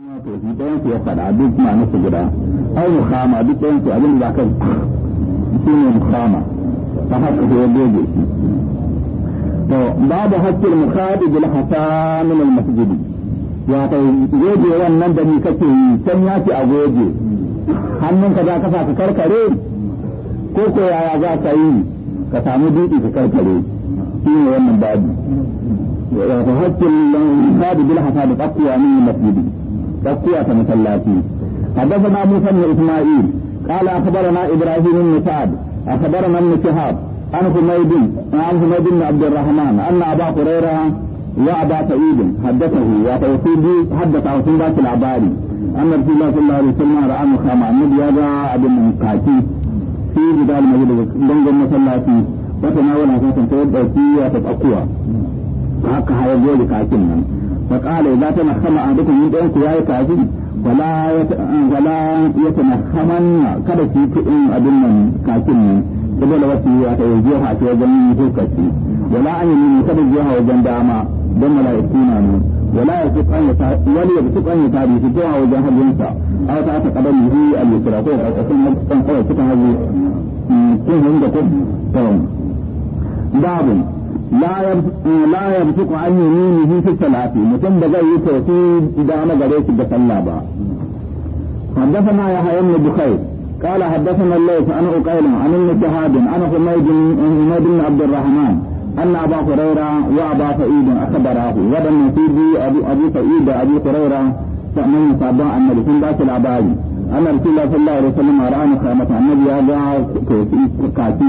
kuma to shi ɗayan ya faɗa duk ma nasu guda ai mukhama duk ɗayan su abin da ka shi ne mukhama ta haka ko goge shi to babu hakkin mukhadi bil hasa min al masjidi ya ta goge wannan da ni kake yi can ya ce a goge hannunka za ka sa ka karkare ko ko yaya za ka yi ka samu dutse ka karkare shi ne wannan babu wato hakkin mukhadi bil hasa da tsakuwa min al masjidi تسكية مسلاتي حدثنا موسى بن إسماعيل قال أخبرنا إبراهيم بن سعد أخبرنا ابن شهاب عن حميد عن حميد بن عبد الرحمن أن أبا هريرة وأبا سعيد حدثه وتوصيل حدث عن سنبات العباري أن رسول الله صلى الله عليه وسلم رأى مخامة النبي هذا أبو المنقاتي في جدال مجد دنجل مسلاتي وتناول حسن تود أوكية تتأقوى haka har zo da فقال إذا تنخم أحدكم من دونك يا كافي ولا يت... ولا يتنخمن kada ki kuɗin abin nan kakin nan saboda wasu ya ta yaje ha ta wajen hulkaci wala an yi kada je ha wajen dama don mala'iku na ne wala ya su kan ta wani ya su kan ta bi su je ha wajen hajjinsa aw ta ta kadan yi al-yusra ko ka kan kan kawai suka haje kun hin da kun babu la ya fi ku an yi nini hin fi salafi mutum da zai yi sauki idan ana gare da salla ba haddasa na ya hayan na bukai kala haddasa na laifin ana ukailin a nuna shahadin ana ku maidin umarin abdurrahman an na ba ku raira wa ba ka idin aka barahu waɗannan fi bi abu ta abu ta raira ta nuna sabon sun dace labari ana rikin lafi la'ar wasu lamarar ana kamata annabi ya ga kaki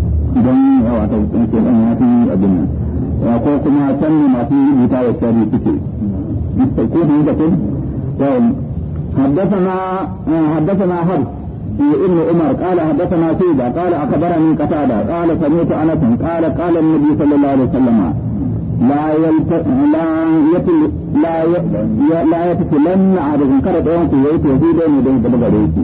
don wato ke dan ya fi abin nan ko kuma can ne masu rubuta wa shari suke ko da yake ko حدثنا حدثنا حرب ابن عمر قال حدثنا سيدا قال اخبرني قتاده قال سمعت انس قال قال النبي صلى الله عليه وسلم لا يلت... لا يتل... لا ي... لا يتكلن عبد كرد وانت يأتي في دون دون بدغريتي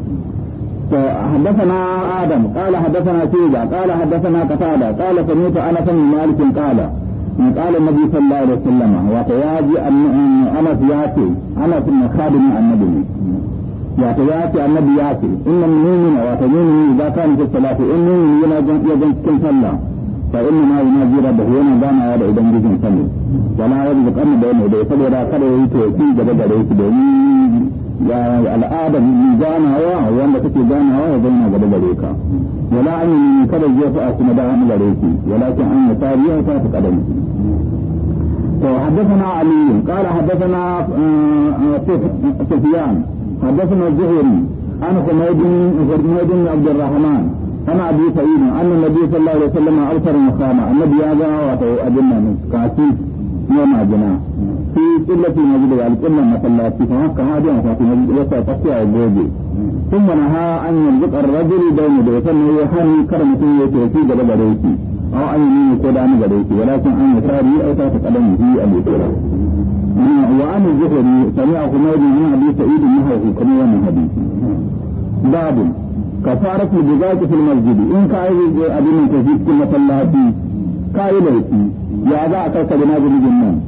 حدثنا آدم قال حدثنا شيبة قال حدثنا قتادة قال سمعت أنس بن مالك قال قال النبي صلى الله عليه وسلم وقياجي أنس ياتي أنس من خادم النبي wato ya ce annabi ya ce inna mu'mina idan kana cikin salati in mu'mini yana jin iya jin cikin sallah fa inna ma yunaji yana ganawa da ubangijin sa ne wala yadda da yana da saboda kada yayi to shi gaba gare shi domin الآدم من جانا يا وانا تكي جانا يا بينا قد بريكا ولا أني من كده جيفا أكما دا ولكن أني تاريا طيب، تاتك أدنسي فحدثنا علي قال حدثنا آه، آه، سفيان حدثنا الزهري أنا حميد حميد بن عبد الرحمن أنا أبي سعيد أن النبي صلى الله عليه وسلم أرسل مقامة النبي هذا وأتو أجمع من كاسيس kuma majina su qillatul masjid wal qillan masallati fa haka hadi an fa kuma ya ta tafiya gobe kun mana ha an yanzu qarrajul dawn da wani yasan ne ya hari kar mutum ya tafi gaba gare shi aw an yi ko da ni gare shi walakin an yi yasari aw ta taqaddam bi al-qira wa an zuhri sami'a humaydi min abi sa'id min hawu kuma wannan hadisi babu kafarat bi zati fil masjid in ka yi abin tafi kuma sallati ka yi ya za a kasa gina jirgin nan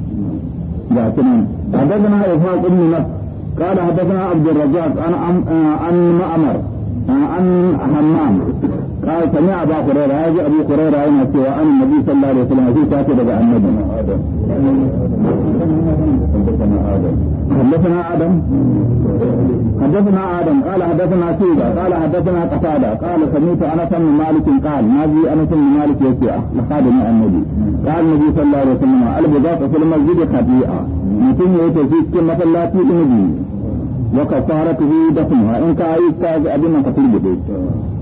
ga su nan hada zana ya fa tsunni na kada hada zana abdurrazak an ma'amar an hannan قال سمع ابا قريرة هذا ابو قريرة هنا سوى ان النبي صلى الله عليه وسلم في كاتب بدا آدم حدثنا ادم حدثنا ادم قال حدثنا سيدة قال حدثنا قتاده قال سمعت أنا بن مالك قال ما جي أنا بن مالك يسوع لخادم النبي قال النبي صلى الله عليه وسلم البضاعه في المسجد خطيئه mutum يتزيد كما tafi cikin masallaci ɗin biyu wa kafaratuhu dafnuha in ka yi ka abin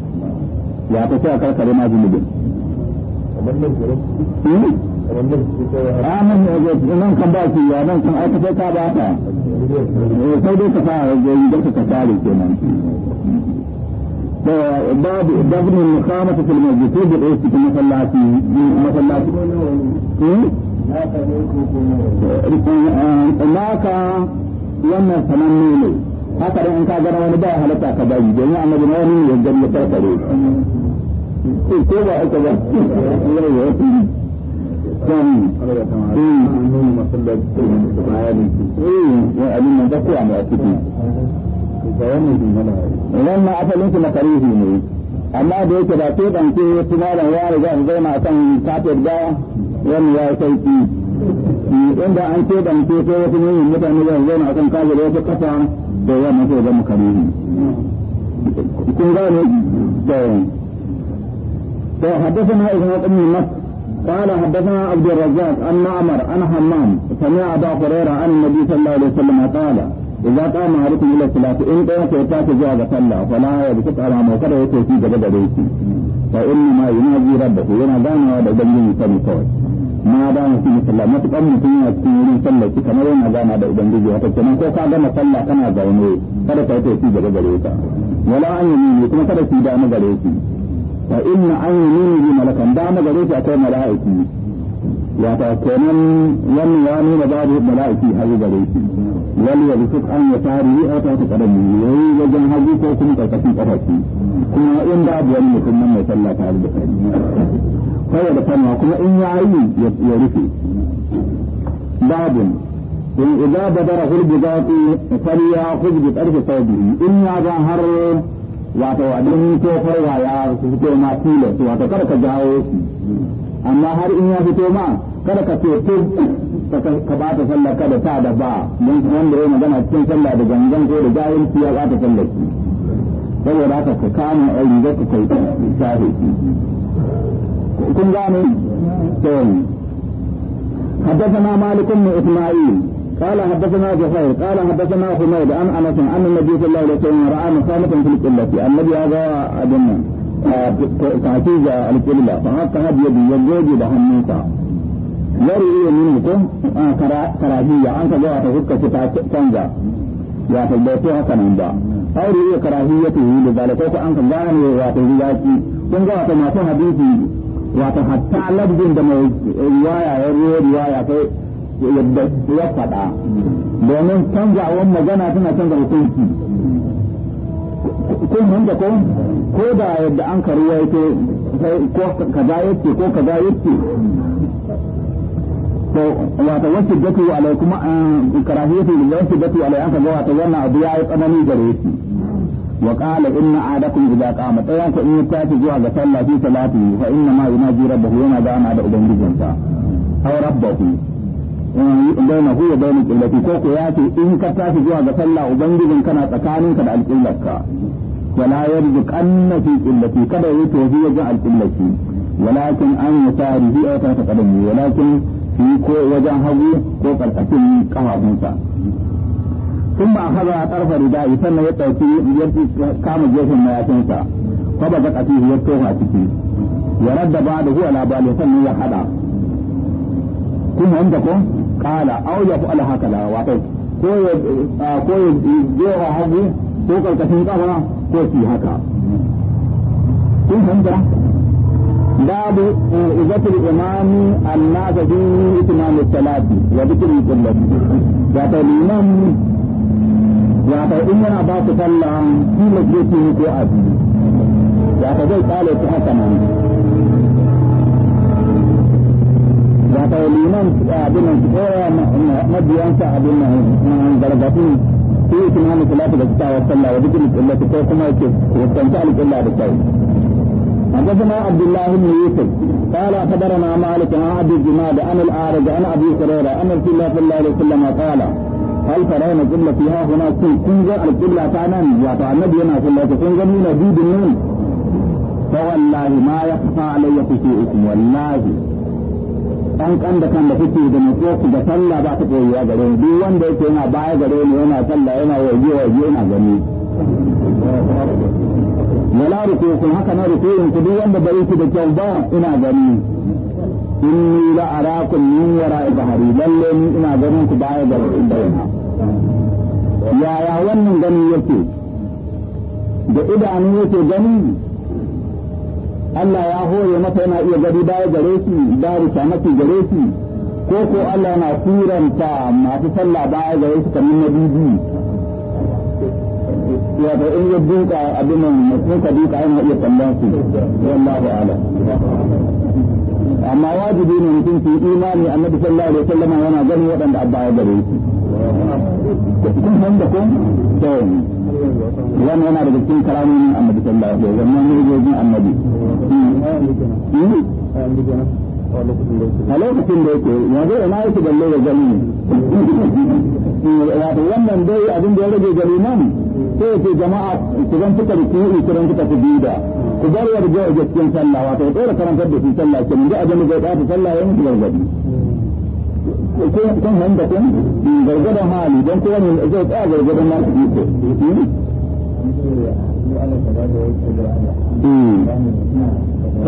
ya ta cewa kare ma zunubin amin hmm? ah, eh, eh, nan kan ba su ya nan kan aikata ta ba ta eh, sai dai ka fara gari da hmm? ka haka dai in ka gana wani ba halatta ka bari domin annabi na wani ya gani ya eh, ko ba aka ba wannan asalin su makarihi ne amma da yake ba ke ban malam ya riga su kan kafir ba wani ya sauki inda eh, an ke ban sai wasu ne mutane a su zauna kafir wasu kasa da na isa matsin Kala haddasa na Abdul Razak hammam. Sani a da Furaira an Nabi sallallahu alaihi wasallam in da yake ta zuwa ga sallah fala ya bi kala gaba da rayuwa. Fa inna ma yunaji rabbahu ganawa da dangin sa kawai. ma da mu cikin sallah matuƙar mutum yana cikin wurin sallah ki kamar yana gana da ubangiji wata kenan ko ka gama sallah kana zaune kada ka yi ci gaba gare ka wala an yi nuni kuma kada ki da gare ki fa inna an yi nuni bi malakan da mu akwai mala'iki wata kenan wannan ya nuna babu mala'iki hagu gare ki wal yabsut an yasari a ta qadami yayi ko kuma in mai sallah da sai da fanna kuma in ya yi ya rufe babun in idza badara hulbu zaqi fariya khudbi tarfi sawbihi in ya ga har wato abin ko farwa ya fito ma tilas wato kada ka jawo shi amma har in ya fito ma kada ka ce ka ba ta sallah kada ta da ba don wanda ya magana cikin sallah da gangan ko da jahilci ya ba ta sallah saboda haka ka kama rigar ka kai shafe كن جاني حدثنا مالك بن اسماعيل قال حدثنا زهير قال حدثنا حميد عن انس عن النبي صلى الله عليه وسلم راى مقامه في القله النبي هذا اظن آه، تعزيز القله فهكذا بيدي يجوز بهميتا يروي منكم كراهيه آه، عنك جاءت هكا تنجا يا في البيت هكا ننزع او رؤية كراهيته لذلك انت غاني واتي kun ga wata masu hadisi wato hatta labdin da mai riwaya ya riyo riwaya kai yadda ya faɗa domin canzawan magana tana canza hukunci kun da ko ko da yadda an ka ruwaito ko kaza yake ko kaza yake to wato wasu datu alai kuma eh, karahiyatu lillahi datu alai an ka ga wato wannan abu ya yi tsanani gare shi wa qala inna adakum idza qama dayan ku in ya tafi zuwa ga sallah fi salati fa inna ma yunaji rabbahu yana gana da ubangijinsa aw rabbahu eh, baina hu wa baina qillati ko ko ya ce in ka tafi zuwa ga sallah ubangijin kana tsakaninka da alqillarka wala yarzuq anna fi qillati kada ya tofi ya ga alqillati walakin an yusarihi aw ta taqaddami walakin fi ko wajen hagu ko karkashin kafafunsa ثم أخذ طرف ردائي ثم يتوفي يرتي كام جيش المياتنسا فبزق فيه يطلقها تكي ورد بعده على باله ثم يحدى kun عندكم قال أو يفعل هكذا واتو ko ya jera hagu ko karkashin kafa ko fi haka kun fahimta babu e, izatul imami annasa fi itmam salati wa dhikri kullati liman wato in yana ba ku sallah kila ke ku ko a biyu wato zai kale ku haka nan wato liman abin nan koya mabiyansa abin nan gargaɗi ko yi tunanin kula da kita wa sallah wa duk alƙilla ko kuma yake wakanta alƙilla da kyau حدثنا عبد الله بن يوسف قال اخبرنا مالك عن ابي الجماد عن الاعرج عن ابي هريره ان رسول الله صلى الله عليه وسلم قال hal tarawna qibla fiha huna kun kun ga alqibla ta nan wato annabi yana sallata kun gani na dudin nan fa wallahi ma yakhfa alayya khushu'ukum wallahi an kan da kan da kuke da mutuwarku da sallah ba ta ya gare ni duk wanda yake yana baya gare ni yana sallah yana waje waje yana gani wala rukukun haka na ruku in duk wanda bai ku da kyau ba ina gani inni la arakum min wara'i bahri lalle ina ganin ku baya gare ni yaya wannan gani yake da idanu yake gani Allah ya hore masa yana iya gari baya gare shi babu shamaki gare shi ko ko Allah yana turanta masu sallah baya gare shi kamar na bibi wato in ya ka abin nan mutum ka duka yana iya kallon su wallahi ala amma wajibi ne mutum su yi imani annabi sallallahu alaihi wasallam yana gani waɗanda abba ya gare shi kun san da kun to wannan yana daga cikin karamin annabi sallallahu alaihi wasallam wannan hujjojin annabi a lokacin da yake yanzu ina yake balle da gani ne wato wannan dai abin da ya rage gari nan sai ce jama'a ku zan fita da kuyi ku zan fita ku da ku bar yarda a gaskiyar sallah wato ya tsora karantar da su sallah ke mun da ajami zai ta sallah ya mutu gargadi kun kun hanga kun gargadan hali don kowane zai tsaya gargadan na su ko ka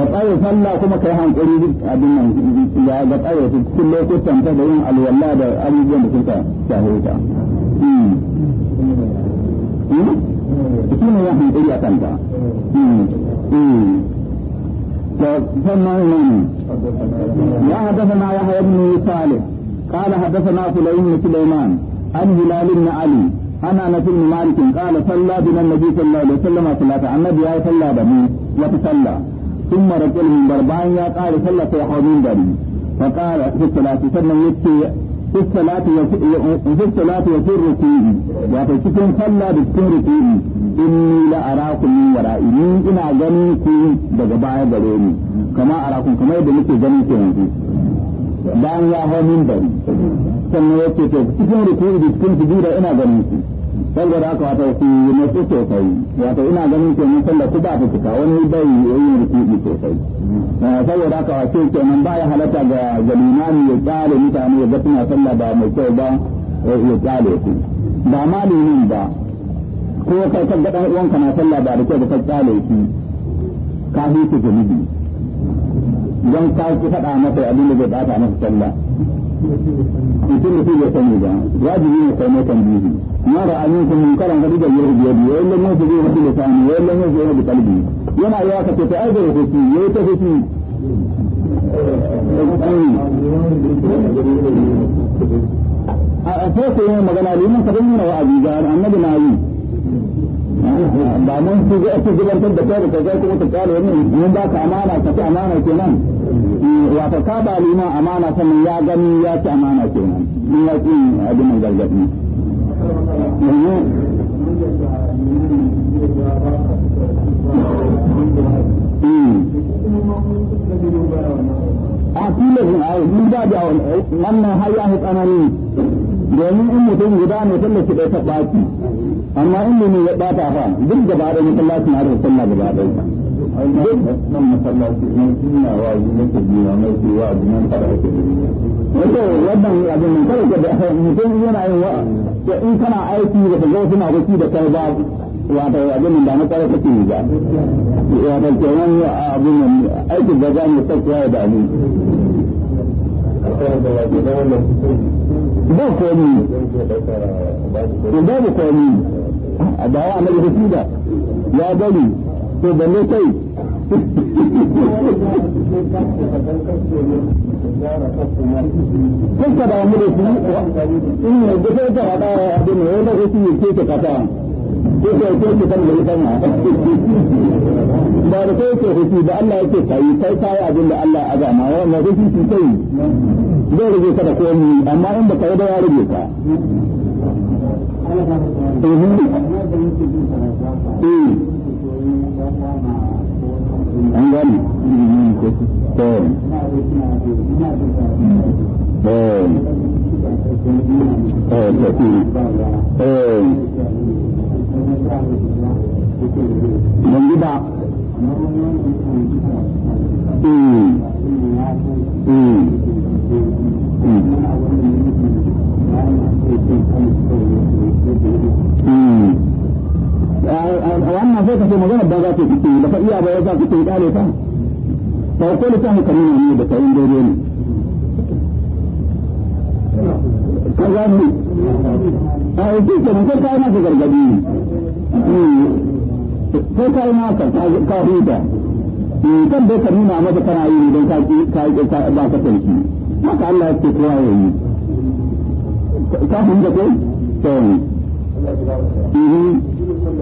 tsaye sallah kuma kai hankali abin nan ya ga tsaye cikin lokutan ta da yin alwala da abubuwan da suka shahe ta shi ne ya hankali a kanta فسمعنا يا حدثنا يحيى بن صالح قال حدثنا فليم بن سليمان عن هلال بن علي عن انس بن مالك قال صلى بنا النبي صلى الله عليه وسلم صلاه النبي صلى بني وتصلى ثم رجل من بربان يا قال صلى في حومين دري فقال في الصلاه ثم يبكي في الصلاة في الصلاة يسر ركوعي wato cikin sallah da cikin rukuni inni la arakum min wara'i ni ina ganin ku daga baya gare ni kama arakum kamar yadda muke ganin ku yanzu bayan ya hau min bari sannan ya ce to cikin rukuni da cikin sujuda ina ganin su saboda haka wato ku matsu sosai wato ina ganin ke mun sallar ku ba ta fita wani bai yin rukuni sosai eh, saboda haka wato kenan ba ya halatta ga ga limami ya tsale mutane ya ga suna sallah ba mai kyau ba eh, ya tsale ku. ba ma limin ba ko kai ka ga uwanka na sallah ba da kyau ba ka tsale ku ka hice zunubi don ka ki faɗa masa abin da zai bata masa sallah mutum mutum ya sani ba wajibi ne kai mai tambihi na da amin kun mun karan gadi da yau biyo biyo wallan ne su zai mutu da sani wallan su zai mutu kalbi yana yawa ka ce ta aiki da ya yi ta kuki a sai ku yi magana liman ka bin nuna wa'azi ga annabi na yi ba mun su zai ake zubantar da kai da kai kuma ta kare wannan mun ba ka amana ka ci amana kenan wato ka ba liman amana sannan ya gani ya ci amana kenan in ya ci abin nan gargaɗi a filin a mun ba da wannan har ya tsanani domin in mutum guda ne tallafi ɗaya ta ɓaci amma in ne ya ɓata fa duk gaba da masallacin har sallah gaba ɗaya duk nan masallaci na suna wazi na ke biya mai ke wa nan kada ake wato wannan abin nan kada ke da mutum yana yin wa da in kana aiki da ka zo suna rufi da kai ba wato abin da na kawai kake yi ba wato kenan abin nan aikin da za mu tsakiya da mu ba komi babu komi a dawa na da ya bari to da ne kai kuka da mu da su in ne da ta da abin ne wanda yake ka ta kasa yake yake ki san da ita ma ba da kai ke hutu da Allah yake kai kai kai abin da Allah ya gama wannan hutu ki sai zai rage ka da komai amma in ba kai da ya rage ka eh angani ten ten eh jadi ten mengiba hmm hmm hmm wannan sai ka magana ba za ta yi da fa iya ba za ta ta ne da daidai ne ka mu a yi ke nan ko kai masa gargadi ko kai masa ka huta kan nuna masa kana yi don ka ba ka sarki haka Allah ya ce kowa ya yi ka ko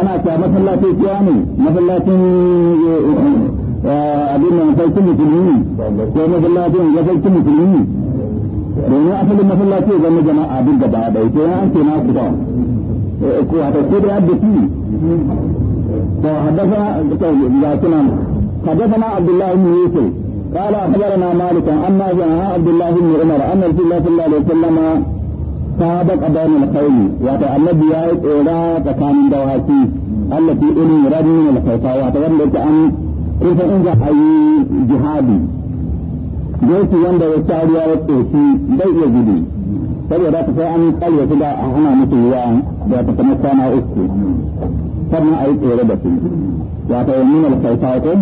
ana sa masallacin kiya ne masallacin eh, eh, abin nan sarkin musulmi ko masallacin ya sarkin musulmi domin asalin masallaci ya zama jama'a duk gaba ɗaya to an ce na kusa eh, ko a ko da yadda fi to haddasa ga sunan حدثنا عبد قال اخبرنا مالك عن نافع عن عبد الله بن عمر ان رسول الله صلى الله عليه وسلم سابق بين القوم واتو النبي يأي إيرا تكامن دواكي التي إلي رجل الخوفا واتو ولك a كيف إنجا أي جهادي جيسي يندا يتعالي يا وطيسي بي يجدي saboda ta sai an kalwa su da an hana musu ruwa da ta kuma kwana uku sannan a yi tsere da su wato yamin alkhaifa ko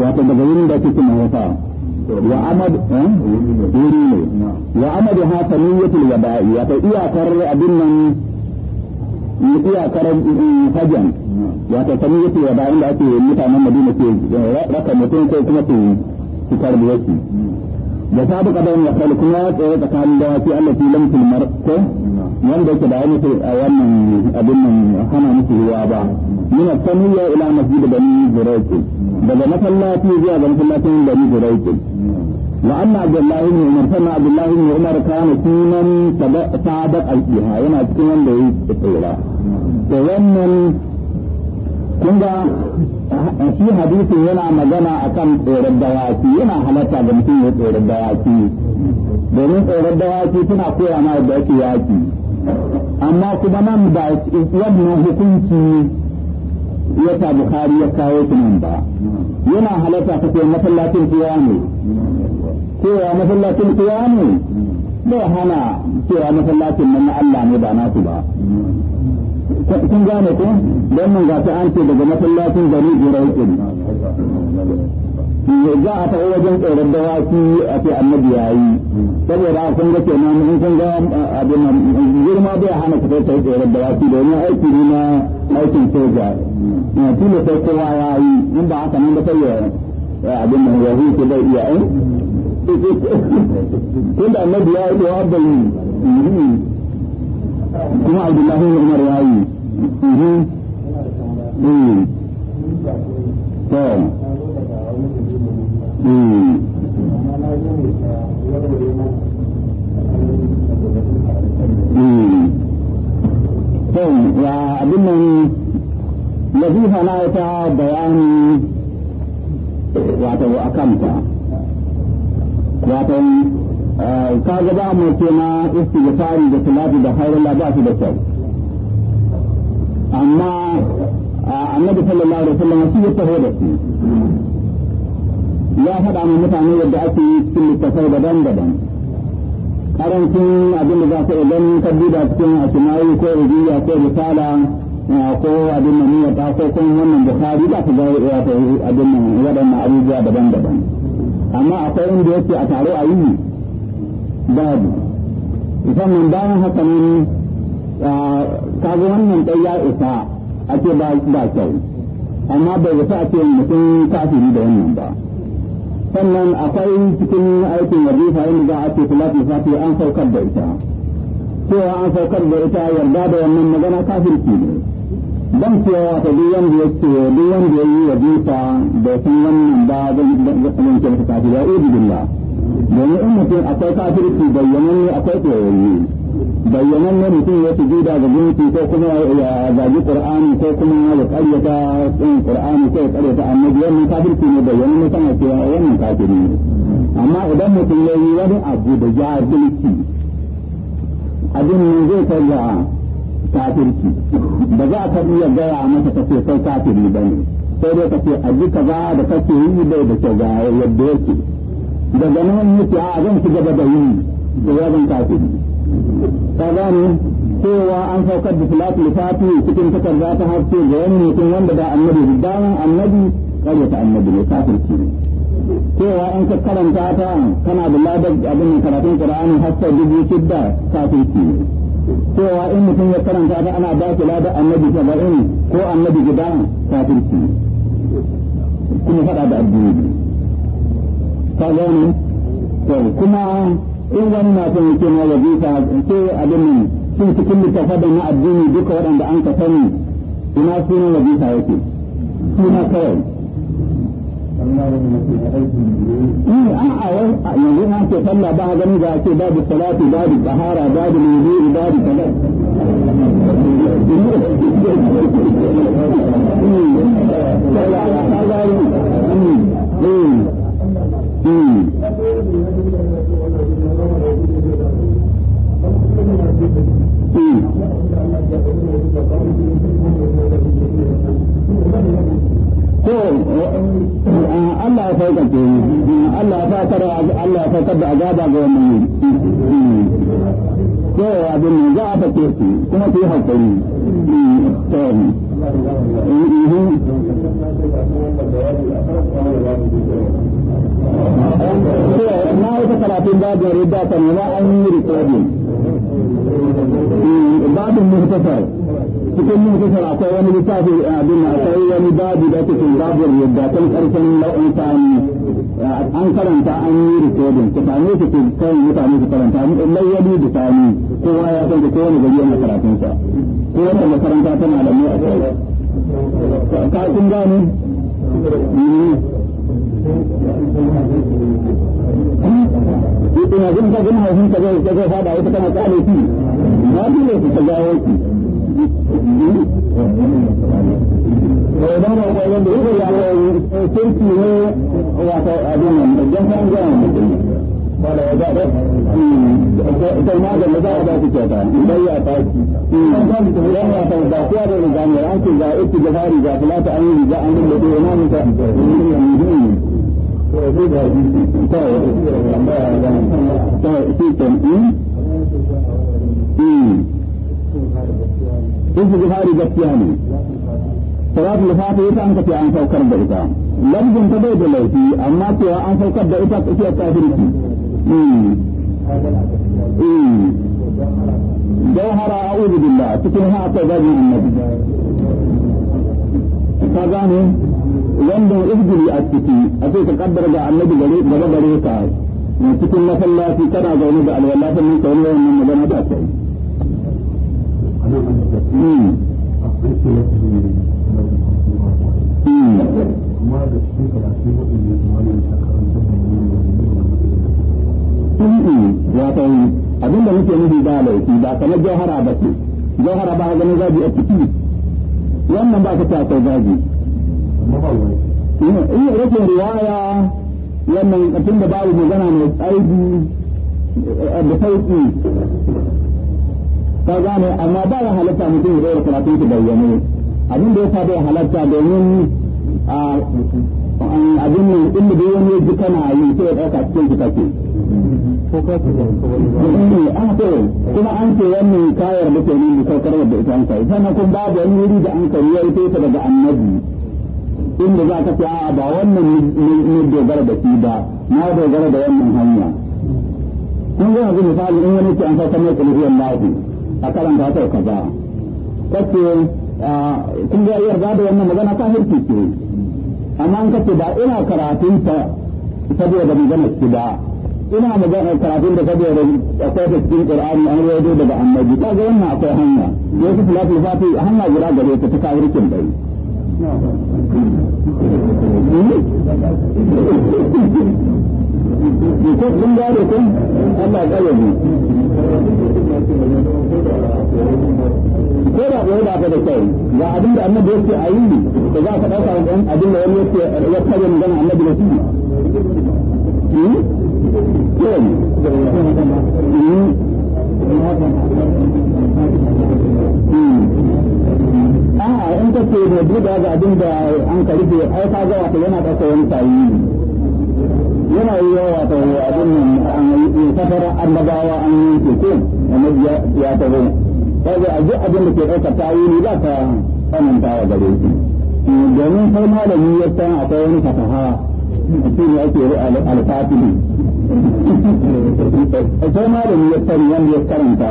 wato daga wurin da kike mawata وعمد وريني وعمد هذا نية الوداع وإياكر أبنا iyakar hajjan mm, wato sami yake wa bayan da ake mutanen madina ke raka mutum ko kuma su su karbi wasu da sabu kadan ya kai kuma ya tsaye tsakanin da wasu Allah fi lamtul marko wanda yake da wani a wannan abin hana musu ruwa ba من الثانية إلى مسجد بني زريق daga masallaci zuwa ga masallacin bani zuraikin wa anna abdullahi ibn umar sanna abdullahi ibn umar kana sunan sabab al-iha yana cikin wanda yayi tsira to wannan kun ga shi hadisin yana magana akan tsoron dawaki yana halatta ga mutum ya tsoron dawaki domin tsoron dawaki tana koya ma yadda yake yaki amma kuma nan ba wannan hukunci ya sa Bukhari ya kawo shi nan ba yana halatta ka ce masallacin kowa ne cewa masallacin kowa ne bai hana cewa masallacin nan na Allah ne ba nasu ba kun gane ko don mun ga an ce daga masallacin gari jirautin za a taɓa wajen tsoron dawaki a ce annabi ya yi saboda a kun ga kenan in kun ga abin girma bai hana ku sai tsoron dawaki domin aiki ne na aikin soja tilo sai kowa ya yi in ba haka nan ba sai ya abin nan ya huce bai iya in tun da annabi ya yi da bai yi mhm. kuma abdullahi umar ya yi mhm. Mhm. to ya abin nan lafifa na wata bayani wato a kanta wato ka ga ba mu ce ma istighfari da salatu da hayrullah ba su da kyau amma annabi sallallahu alaihi wasallam shi ya taho da su ya faɗa ma mutane yadda ake yi cikin littattafai daban-daban karancin abin da za ka idan ka duba cikin asinayi ko rubiya ko risala ko abin nan ya taso ko wannan bukhari za ka ga ya ta abin nan waɗannan abubuwa daban-daban amma akwai inda yake a taro a yi babu sannan bayan haka nan ka ga wannan ɗai ya isa ake ba kyau amma bai a ce mutum kafiri da wannan ba sannan akwai cikin aikin wazifa inda za a ce salatul fati an saukar da ita cewa an saukar da ita yarda da wannan magana kafirci ne dan cewa wata duk wanda yake duk wanda yayi wazifa da sun wannan ba zan zan kira kafiri ya ubi billah domin in mutum akwai kafirci bayyananne akwai tsoyayye bayyanan ne mutum ya da ga gunki ko kuma ya zagi qur'ani ko kuma ya karyata tsin qur'ani ko ya amma biyar mun kafirci ne bayyanan ne kana cewa wannan kafiri ne amma idan mutum ya yi wani abu da jahilci abin nan zai kai ga kafirci ba za ka ya gaya masa ka ce kai kafiri ba ne sai dai ka ce a ji kaza da kake yi bai da ke ga yadda yake daga nan mutu a zan ci gaba da yi da yawan kafiri ka gane cewa an saukar da filatul fati cikin za ta haske ga wani mutum wanda da annabi bayan annabi kare ta annabi ne kafin ne cewa in ka karanta ta kana da ladar abin karatun qur'ani har dubu shidda kafin ne cewa in mutum ya karanta ta ana ba shi lada annabi saba'in ko annabi guda kafirci kuma faɗa da addini ta kuma in wani na son yake na wazifa ke abin nan sun cikin littafa na addini duka waɗanda an ka sani ina sunan wazifa yake suna kawai yanzu na ke sallah ba gani da ake babu salati babu tsahara babu babu Eh, eh, Allah ya Allah ya Allah ya da azaba ga wannan to abin nan za a fake su kuma su yi hakuri eh, na wata karatun an yi rikodin Eh, babin muhtasar cikin muhtasar akwai wani littafi eh, abin akwai wani babu da cikin yadda kan karshen nau'in sami eh, an karanta an yi rikodin ku same su ku kai mutane su karanta mu lai da sami kowa ya san kowane gari yana makaranta tana da mu a kai ka kun gani ina jin ka jin haushin ka zai zai fada ita kana tsare ki na ji ne ki jawo ki to da ba ko yanda yake ya sarki eh, ne wato abin nan dan san ga wala ya da to hmm. ma da maza hmm. da ku ta idan ya ta ki dan da ku da ya ta da ku da ga ne ake ga ita da fari ga fulata an yi ga an da na mu ta في تنقيم إيه جهاري جتياني صلاة لفاتي إيه أنت في أن فوق رد إيه لم ينت بيد الله في أما في أن فوق رد إيه في التأثير إيه إيه جوهر أعوذ بالله تكون هاتف النبي فقاني wanda izgiri a ciki a ce ka kaddara ga annabi gare gaba gare ka ne cikin masallaci kana zaune da alwala ta mun kawo wannan magana ta kai abin da muke nufi ba laifi ba kamar jauhara ba ce jauhara ba ganin zaji a ciki wannan ba ka ta zaji in rikin riwaya wannan abin da babu magana mai tsaibi eh, da sauki ka gane amma ba ya halatta mutum ya zai karatu su bayyane abin da ya sa bai halatta domin abin nan inda da kana yi ya ɗauka cikin kake kuma an ce wannan kayar mutane ne da ita an kai sannan kuma babu wani wuri da an kai ya ita daga annabi inda za ka fi a ba wannan ne dogara da shi ba na dogara da wannan hanya kun ga yanzu misali in wani ke an sauka mai kulhiyar lafi a karanta ta kaza kace kun ga yarda da wannan magana ta hirki ce amma an kace ba ina karatun ta saboda magana shi ba ina magana karatun da saboda akwai da cikin qur'ani an rawaito daga annabi kaga wannan akwai hanya yau su lafi fati hanya guda gare ta ta kawirkin bai ko kun Allah ya mu ko da ko da ka da kai ga abin da annabi yake a yi da za ka dauka wannan abin da wani yake ya kare mu annabi da shi a'a in ka ce da duba ga abin da an ka ai ka ga wato yana ɗauka wani sayi yana yi wa wato abin nan an yi safar annabawa an yi teku annabi ya taho kaga a duk abin da ke ɗaukar tayi ne za ka tsananta wa gare shi domin kai malami ya san akwai wani fasaha shi ne ake alfatili akwai malami ya san wanda ya karanta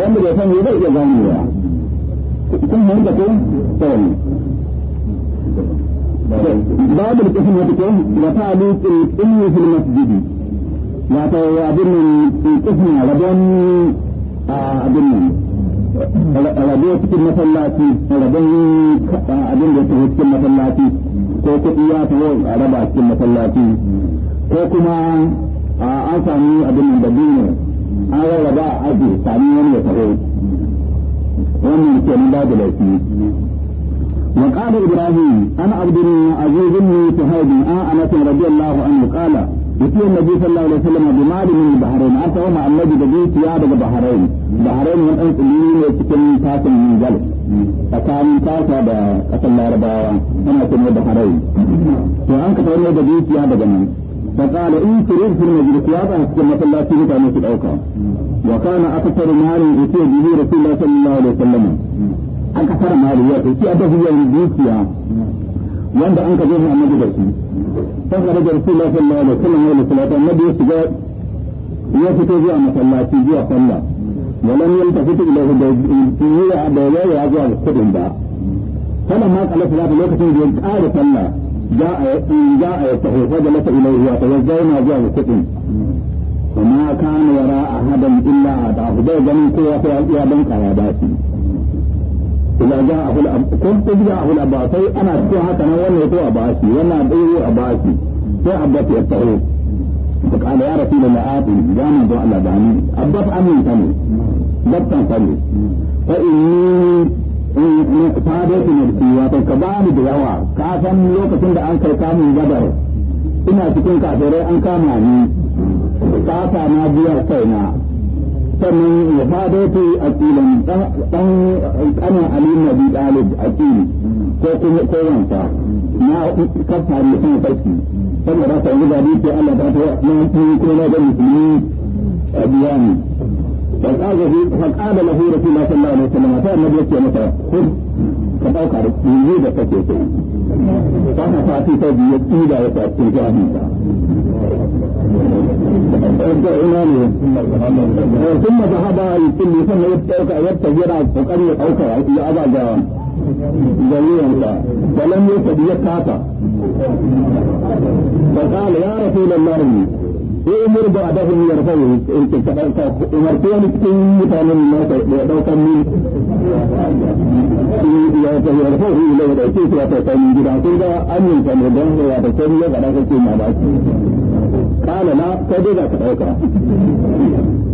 wanda ya san zai iya ganewa kun mun da ko to babu da kafin wata ko da ta alu yi fil masjid ya ta abin nan a rabon abin nan rabo cikin masallaci rabon abin da yake cikin masallaci ko kuɗi ya tawo a raba cikin masallaci ko kuma an sami abin nan da duniya an rarraba aji sami wani ya tawo wannan kenan babu laifi وقال إبراهيم أنا عبد الله عزيز بن سهيد آه أنس رضي الله عنه قال يتي النبي صلى الله عليه وسلم بمال من البحرين أتوا مع النبي بجيت يا بحرين بحرين بحرين من أنس لين تكون تاسع من ذلك فكان تاسع بقتل الأربعة أنا كنت بحرين وأنك تقول بجيت يا بجنان فقال انفرد في المجلس وضع كما الله فيه كان في الاوقاف وكان اكثر مال اتي به رسول الله صلى الله عليه وسلم اكثر مال اتي به الدنيا wanda an kaje ne da shi sai ga da Rasulullah sallallahu alaihi wasallam ya sallallahu annabi ya shiga ya fito zuwa masallaci zuwa sallah walan yan tafitu da yi da ya ya zuwa kudin ba sallan ma kala salatu lokacin da ya ƙara sallah جاء جاء يستحي فجلس إليه وتوزينا جاء الكتن وما كان يرى أحدا إلا أعطاه ذا جميع قوة يا بنك يا باسي إذا جاءه الأب كنت جاءه الأباسي أنا أشكو حتى أنا ولا أباسي ولا أبيه أباسي sai abbas ya tsaro da kala ya rafi da la'afi ya na don Allah da hannu abbas aminta ne zabtan sani fa inni ta dai ku mulki wato ka ba ni da yawa ka san lokacin da an kai kamun gabar ina cikin kafirai an kama ni kafa na biya kaina sannan ya fado ta a kilin dan kanin alim na dalib a kili ko kuma ko wanta na kafa ne kan sarki saboda sai ga dai Allah ta ta na kuma na ga musulmi a وقال له قد آب له رسول الله صلى الله عليه وسلم أتى النبي يكي مثلا خذ كتوقع يجيب كتوقع فأنا فاتي تبي يتيدا يتأتي جاهيدا ثم ذهب الكل ثم يتوقع يتجرع فقري أوقع إلى أبا جوان جميعا فلم يتبي يتاتا فقال يا رسول الله sai umar da adahu ne yarfa ne yake ka dauka umar ko wani cikin mutanen nan da ni ya ta yarfa ne da da ke ta ta kan gida sai da annin ka ne don ya da kai ya kada kake ma ba ki kana na kai dai da ka dauka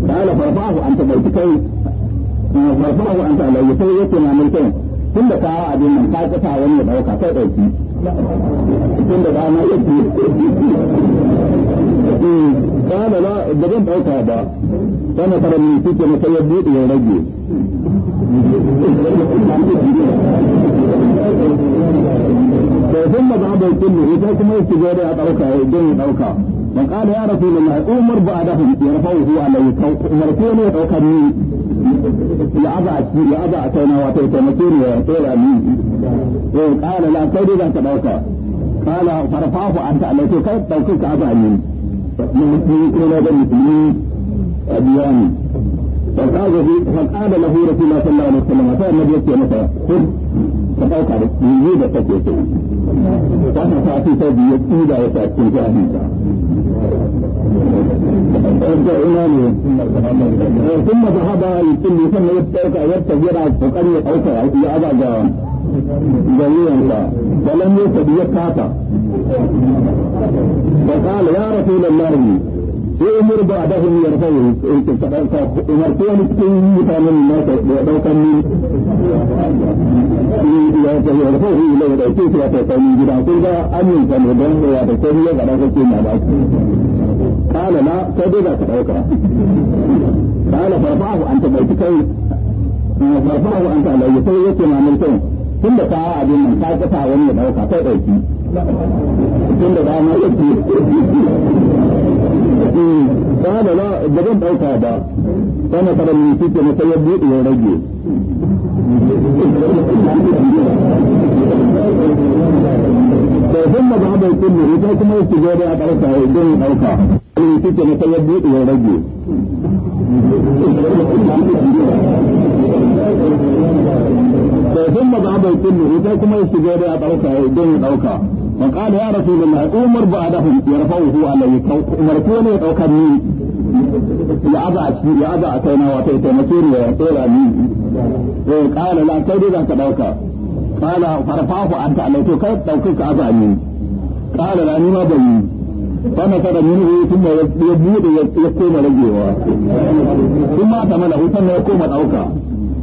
kana farfahu an ta bai kai an ta lai sai yake na tun da abin nan ka wani ya dauka kai tun da ba na yake ce kana la da zan dauka ba kana fara ni kike na kai bude ya rage da kun ma ba ba kullu ita kuma yake ga da dauka ya dan dauka man qala ya rasulullah umar ba da hu ya rafa hu ala yau umar ko ne dauka ni ya aba ki ya aba kaina wa ta taimake ni ya tsora ni to eh, qala la kai da ka dauka قال فرفعه انت عليك كيف توكلت ابا امين من إلى المسلمين أديان فقال في فقال له رسول الله صلى الله عليه وسلم فقال النبي صلى الله عليه وسلم فأوقع بوجود فتيته فأنا فأتي تبي يسيدا وتأتي جاهدا ثم ذهب يتم يسمى يبتغى يبتغى يرعى فقال يأوقع يأوقع جاهدا da wuyansa da lam yusab ya kafa fa qala ya rasulullahi umur ba da hun yarfa yi ke kadan ka umar ko ni cikin mutanen na ka daukan ni ni ya ta yarfa yi ne da ke ta ta kan gida ko ga amin kan don ya ta ko ya ga da ke na ba قال لا كذب كذا قال فرفعه أنت بيتك فرفعه أنت على يسيرك مع ملكين tun da a abin nan ta kasa wani ya dauka kai dauki tun da dama ya ce ba da ba da zan dauka ba kana kada ni kike na sai ya bude ya rage da sun ma ba da kullu ita kuma su ga da karka ya don dauka ni kike na sai ya bude ya rage da sun maza bai kullu ita kuma ya shiga da ya dauka ya don ya dauka fa da ya mai umar ba da ya adahum yarfa'uhu alayhi umar ko ne ya dauka ni ya aza a ciki ya aza a na wato ya taimake ni ya tsora ni eh da la sai dai za ka dauka qala farfahu anta alayhi to kai dauka ka aza ni qala la ni ma bai na kada ni ne tun ya bude ya koma ragewa kuma ta mala hutan ya koma dauka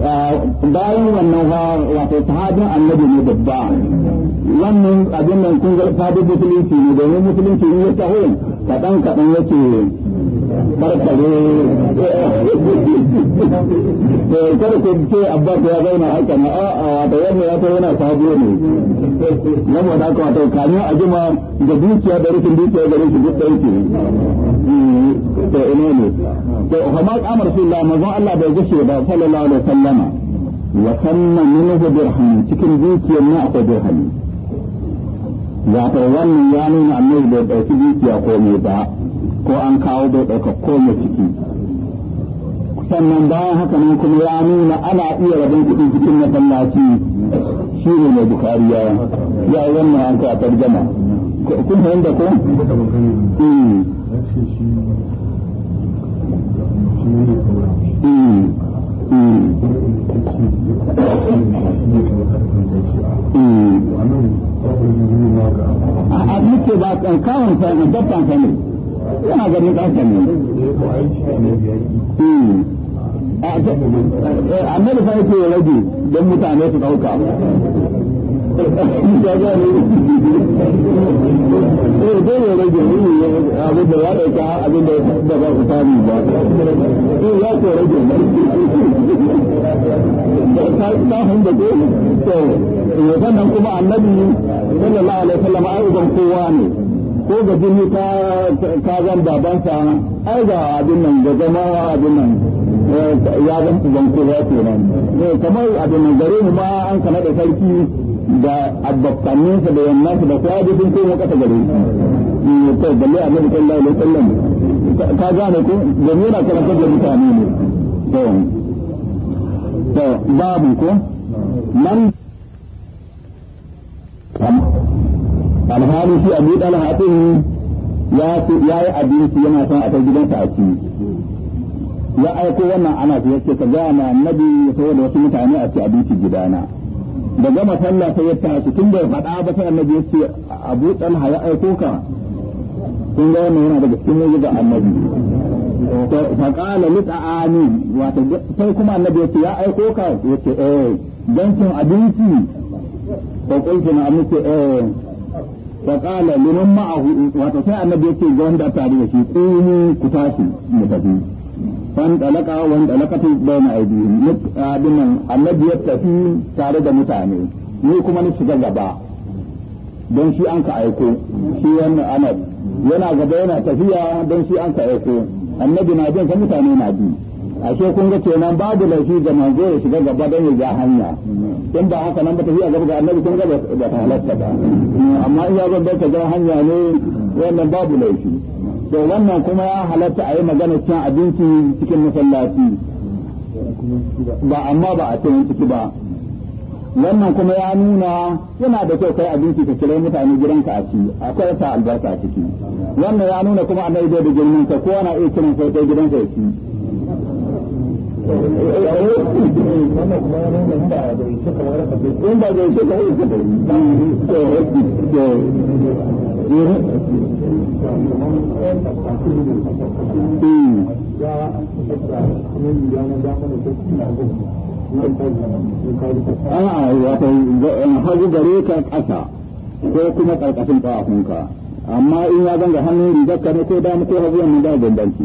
bayan wannan fa wato sahabin annabi ne babba wannan abin nan kun ga sahabin musulunci ne domin musulunci ne ya taho kaɗan kaɗan yake karkare kada ku ce abbas ya zauna haka na a da wannan ya kai yana sabo ne na mu da ka to a jima da dukiya da rikin dukiya da rikin duk dai hmm, to ina ne to amma amar sallallahu manzon Allah bai gushe ba sallallahu alaihi wasallama wa sanna minhu dirham cikin dukiyar ne akwai dirham wato wannan ya nuna annabi bai dauki dukiya komai ba ko an kawo bai ɗauka koma ciki sannan bayan haka nan kuma ya nuna ana iya rabin kuɗi cikin masallaci shi ne mai bukari ya ya yi wannan an kawo tarjama kun fahimta ko? a muke ba kawon sa ne dabban sa ne yana ganin ɗansa ne hmm. eh, annabi fa yake rage don mutane su ɗauka ya eh, rage ne abin da ya ɗauka abin da ba eh, ya ce rage ne da sannan kuma annabi sallallahu alaihi wasallam kowa ne ko ga jini ka ka zan babansa ai ga abin nan ga zama abin nan eh, ya zan zan ko ya ce nan eh, kamar abin nan gare mu ma an kana da sarki da abbakannin sa da yanna da kwaji ko gare eh, to balle ka gane ko kana da mutane ne to to babu ko alhali shi abu dala hatin ya fi ya yi abinci yana son a kai gidansa a ci ya aiko wannan ana ya yake ka ga na annabi saboda wasu mutane a ci abinci gidana da gama sallah sai ya tashi tun bai faɗa ba sai annabi ya ce abu talha ya aiko ka kun ga wannan yana daga cikin yaji ga annabi fa qala li ta'ani wa sai kuma annabi ya ce ya aiko ka ya ce eh dan cin abinci ko kun na amince eh فقال لمن معه وتساء النبي يقول جوان دا تاريخ قوموا كتاسي متفي فانطلقا وانطلقت بين ايديهم ابن النبي tare تاريخ متعني ni kuma ni shiga gaba don shi an ka aiko shi wannan anab yana gaba yana tafiya don shi an ka aiko annabi na bin ka mutane na bi ashe kun ga kenan babu laifi ga manzo ya shiga gaba don ya hanya in ba haka nan ba tafiya gaba ga annabi kun ga ba ta halatta ba amma in ya zo ta ga hanya ne wannan babu laifi to wannan kuma ya halatta a yi magana cin abinci cikin masallaci ba amma ba a cikin ciki ba wannan kuma ya nuna yana da kyau kai abinci ka kira mutane gidanka a ci akwai ta albarka a ciki wannan ya nuna kuma annabi da girman ka ko ana iya kiran sai kai gidanka ya ci in hagu gare ka ƙasa ko kuma ƙarƙashin ƙafafunka, amma in ya zanga hannun rigar ka ne ko damu ko hagu yanzu da bambanci.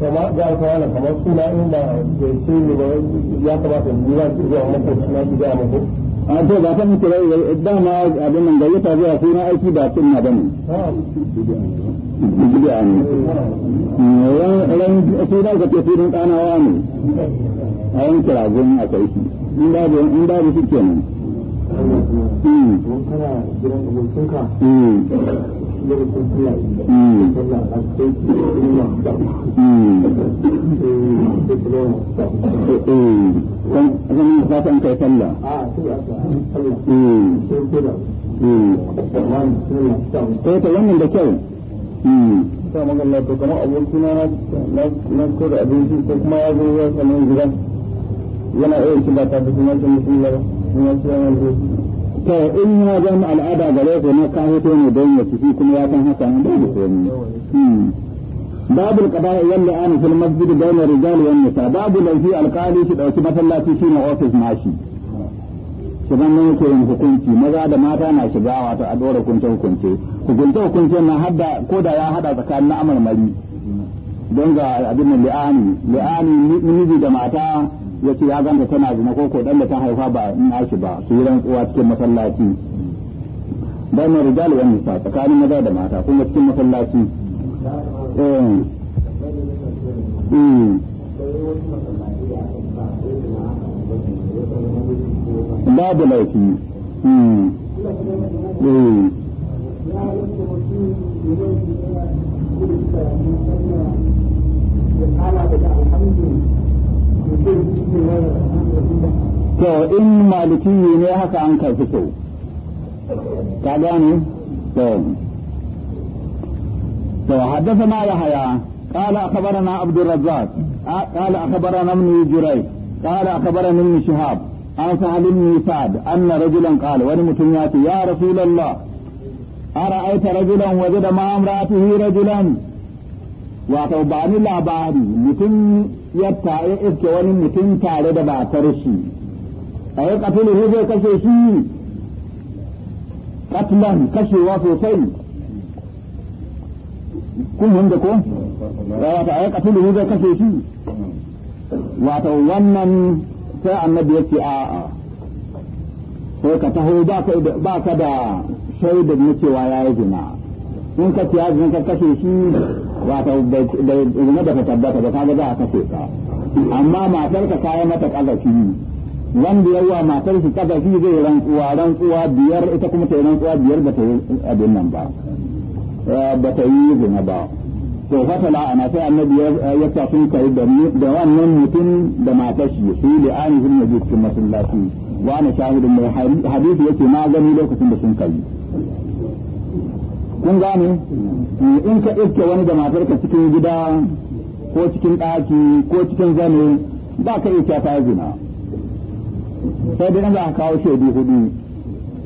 kuma ga alkawala kamar suna in ba bai ce ne ba ya kamata su zuwa mako suna su ga mako a to ba ta muke rai eh, dama abin nan da gayyata zuwa suna aiki ba sunna bane bid'a ne ran suna ga ke sunan kanawa ne a yan kiragun a kai shi in babu in babu shi kenan zan yi fatan kai sallah wannan da kyau ta magana abokina na ko da abinci ko kuma ya zo yana iya ci ba ta fi kuma to in ya zama al'ada gare ku na ka hoto ne don ya ciki kuma ya san haka an babu komai hmm. babu alqada'i yalla an fil masjid bayna rijal wan nisa babu lafi alqali shi dauki masallaci shi na office nashi shi ne yake yin hukunci maza da mata na shiga wato a dora hukunce hukunce hukunce hukunce na hadda ko da ya hada tsakanin amalmari don ga abin li'ani li'ani miji da mata yace ya ganta tana zina ko ko dan da ta haifa ba nashi ba su yi rantsuwa cikin masallaci bayan rijal wa nisa tsakanin maza da mata kuma cikin masallaci eh. hmm. babu laifi hmm. Hmm. malikiyi ne haka an karfi kyau ka gane to to haddathana yahya قال أخبرنا عبد الرزاق قال أخبرنا ابن جريج قال أخبرنا ابن شهاب عن سهل بن سعد أن رجلا قال ولمتنيات يا رسول الله أرأيت رجلا وجد مع امرأته رجلا wato ba ni labari mutum ya tare iske wani mutum tare da matar shi a yi ƙafilu zai kashe shi katlan kashewa sosai kun yanda ko wata a yi ƙafilu zai kashe shi wata wannan sai annabi ya ce a'a sai ka taho ba ka da shaida na cewa ya yi zina in ka ciya zin ka kashe shi wata da zina da ka tabbata da kaga za a kashe ka amma matar ka kayan mata ƙazafi wanda yawa matar shi kada shi zai rantsuwa rantsuwa biyar ita kuma ta rantsuwa biyar ba ta yi abin nan ba eh, ba ta yi zina ba to fatala ana sai annabi ya sa sun kai da wannan mutum da matar shi su da duk kuma cikin masallaci wa ana shahidin mai hadisi yake ma gani lokacin da sun kai kun gane mm, in ka iske wani da ka cikin gida ko cikin ɗaki ko cikin zane ba ka iya ta zina sai dai in a kawo shaidu hudu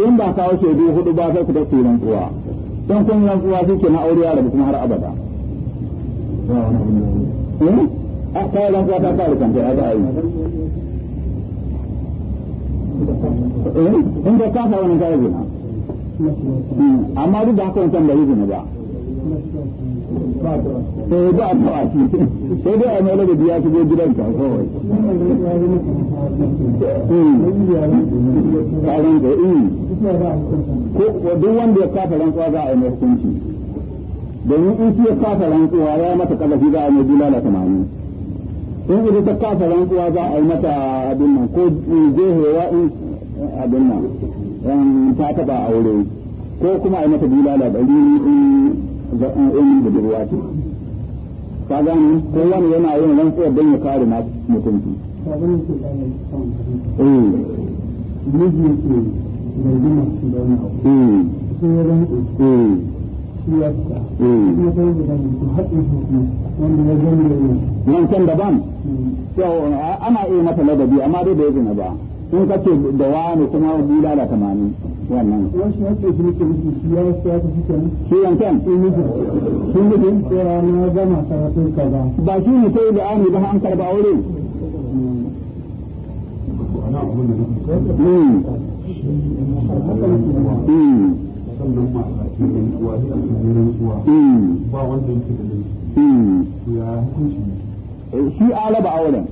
in ba kawo shaidu hudu ba sai ku tafi kuwa don kun rantsuwa shi ke na aure ya kuma har abada a eh? a kawo amma duk da haka wancan da yi ba sai ba a fa'a shi sai dai a mai da biya su zo ka kawai ƙarin da ko duk wanda ya kafa rantsuwa za a yi mai hukunci domin in shi ya kafa rantsuwa ya mata kalafi za a yi mai bulala tamani in ita ta kafa rantsuwa za a yi mata abin nan ko jehewa in abin nan ta taɓa aure ko kuma a yi mata bulala ɗari ga ƴaƴan da budurwa ce ka gane kowane yana yin rantsuwar don ya kare na mutunci eh. nan eh. eh. can daban hmm. ana iya mata ladabi amma dai da bai zina ba in ka ce da wani kuma wani lala tamanin wannan Wani wasu su ne kuma su ya su ya kuma kan su yan kan su ne su su ne su ne ya na gama karatun ka ba ba shi ne sai da ani ba an karba aure hmm. Hmm. Hmm. Eh, shi alaba auren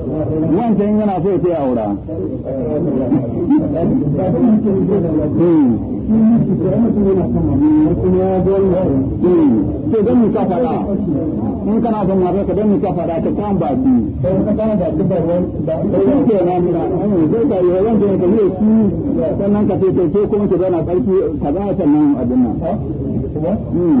wancan yana so aura mu ka fada in kana son mafi ka mu ka fada ka kan baki don ke na zai ka yi da ka yi sannan kuma ki zana tsarki ka sannan abin nan hmm.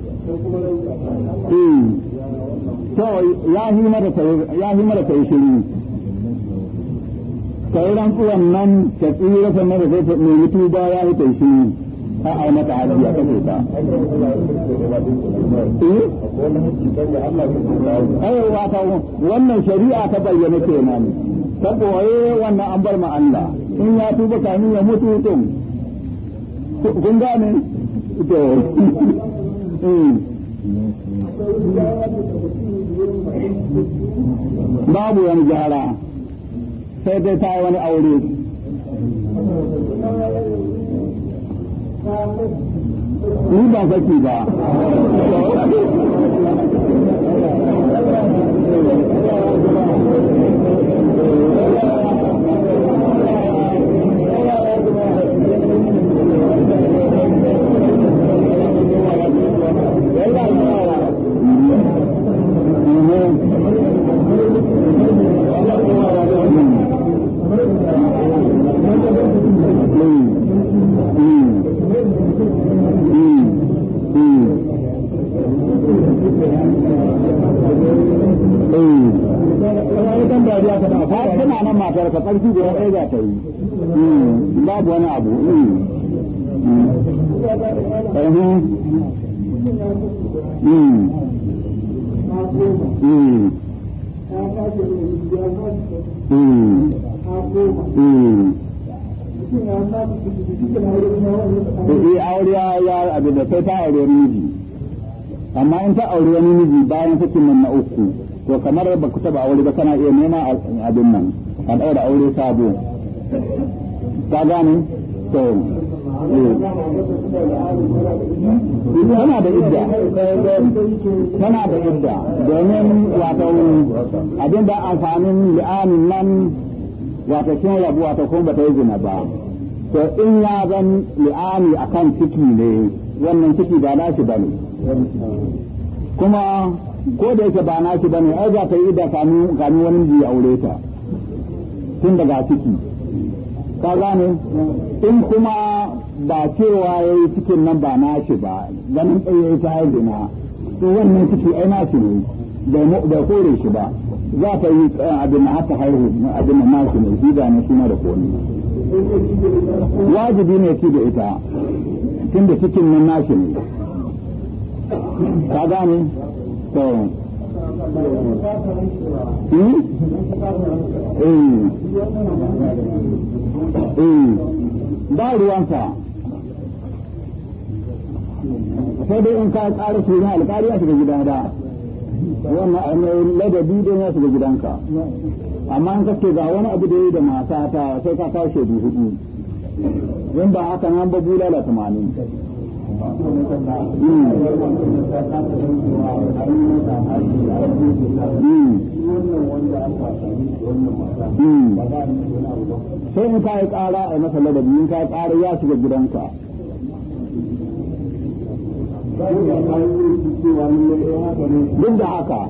Hmm. to ya hi mara ta yi shiru rantsuwan nan ta tsira da zai mai mutu ba ya hi ta a a mata ta eh wannan shari'a ta bayyana kenan ta boye wannan an bar ma Allah in ya tuba kamin ya mutu din kun gane Mm. babu wani gyara sai dai ta yi wani aure ni ba saki ba babu ehe Eh, aure ya abin da sai ta aure miji amma in ta aure wani miji bayan sakin nan na uku to kamar ba ku taba aure ba kana iya nema abin nan a daura aure sabo ka gane to tana da idda tana da idda domin wato abin da amfanin li'anin nan wato kin rabu wato kuma bata yi zina ba to in ya zan li'ani akan ciki ne wannan ciki ba na shi bane kuma ko da yake ba na shi bane ai za ta yi da kamin wani biyu aure ta tun daga ciki ka gane in kuma ba cewa ya yi cikin nan ba na shi ba ganin tsaye ya ta zina to wannan ciki ai na shi ne da kore shi ba za ta yi eh, abin na haka haihu abin na nashi ne shi da na suna da komi wajibi ne ci da ita tun da cikin nan nashi ne ka gane Hmm? Hmm. Hmm. ba ruwansa sai dai in ka tsara suna na ya shiga gidan da wannan ladabi don ya shiga gidanka amma in kake ga wani abu da ya yi da mata ta sai ka kawo shaidu hudu in ba haka nan ba bulala tamanin sai in ka yi tsara a masa ladabi in ka yi tsara ya shiga gidanka duk da haka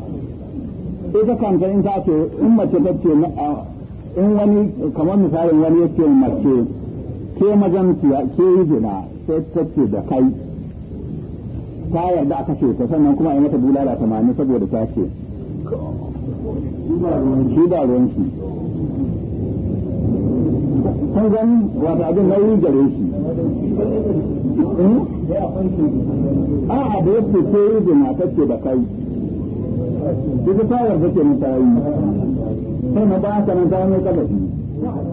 ita kanta in ta ce in mace ta ce in wani kamar misalin wani ya ce mace ke mazamciya ke yi gida sai ta ce da kai ta yarda aka ce ta sannan kuma a yi mata bulala tamanin saboda ta ce shi da ruwan shi kun gani wata abin yi gare shi hmm? a abu yadda ke yi gina ta ce da kai ita ta yarda ke mutayi sai na ba ka nan ta wani kabashi